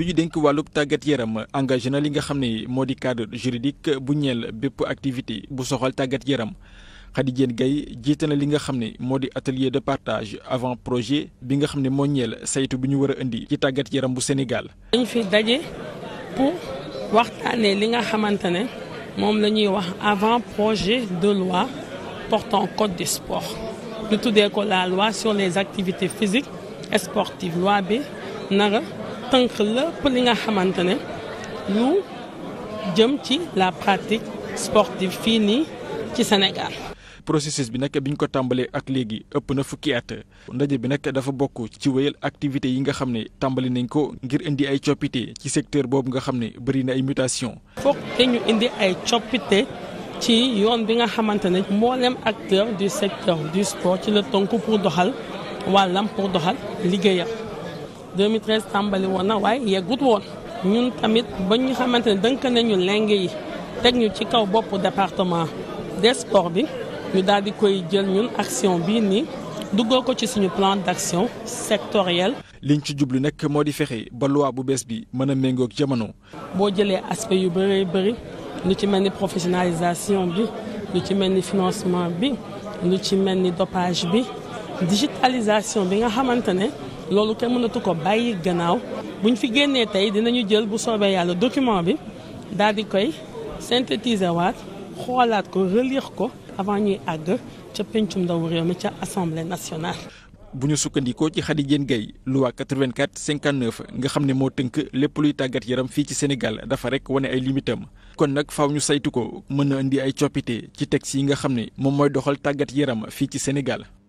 bi ñu dénk wàllub tàggat yaram engagé na li nga xam ne moo di cadre juridique bu ñeel bépp activité bu soxal tàggat yaram Khady Diène gay jiite na li nga xam ne moo di atelier de partage avant projet bi nga xam ne moo ñeel saytu bi ñu war a indi ci tàggat yaram bu Sénégal. dañu fi daje pour waxtaanee li nga xamante ne moom la ñuy wax avant projet de loi portant code du sport ñu tuddee ko la loi sur les activités physiques et loi bi nara. tënk la li nga xamante ne lu jëm ci la pratique sportive fii nii ci Sénégal. processus bi nag bi ñu ko tàmbalee ak léegi ëpp na fukki at ndaje bi nag dafa bokk ci wéyal activité yi nga xam ne tàmbali nañ ko ngir indi ay coppite ci secteur boobu nga xam ne bëri na ay mutation foog te ñu indi ay coppite ci yoon bi nga xamante ne mboolem acteur du secteur du sport ci la tënku pour doxal wàllam pour doxal liggéeyam. 2013 tàmbali woon na waaye yeggut woon ñun tamit ba ñu xamante ne dënk nañu lenge yi teg ñu ci kaw boppu département des sports bi ñu daal di koy jël ñun action bi nii duggoo ko ci suñu plan d'action sectoriel. liñ ci jublu nag moo di fexe ba loi bu bees bi mën a méngoog jamono. boo jëlee aspect yu bëree bëri lu ci mel ni professionnalisation bi lu ci mel ni financement bi lu ci mel ni doppage bi digitalisation bi nga xamante ne. loolu kenn mënatu ko bàyyi gannaaw buñ fi génnee tey dinañu jël bu soobee yàlla document bi daal di koy synthétiser waat xoolaat ko relire ko avant ñuy àgg ca pencum ndaw réew mi ca assemblée nationale. bu ñu sukkandikoo ci Khady Diène Gaye loi 84 59 nga xam ne moo tënk lépp luy tàggat yaram fii ci Sénégal dafa rek wane ay limitam kon nag faaw ñu saytu ko mën na indi ay coppite ci texte yi nga xam ne moom mooy doxal tàggat yaram fii ci Sénégal.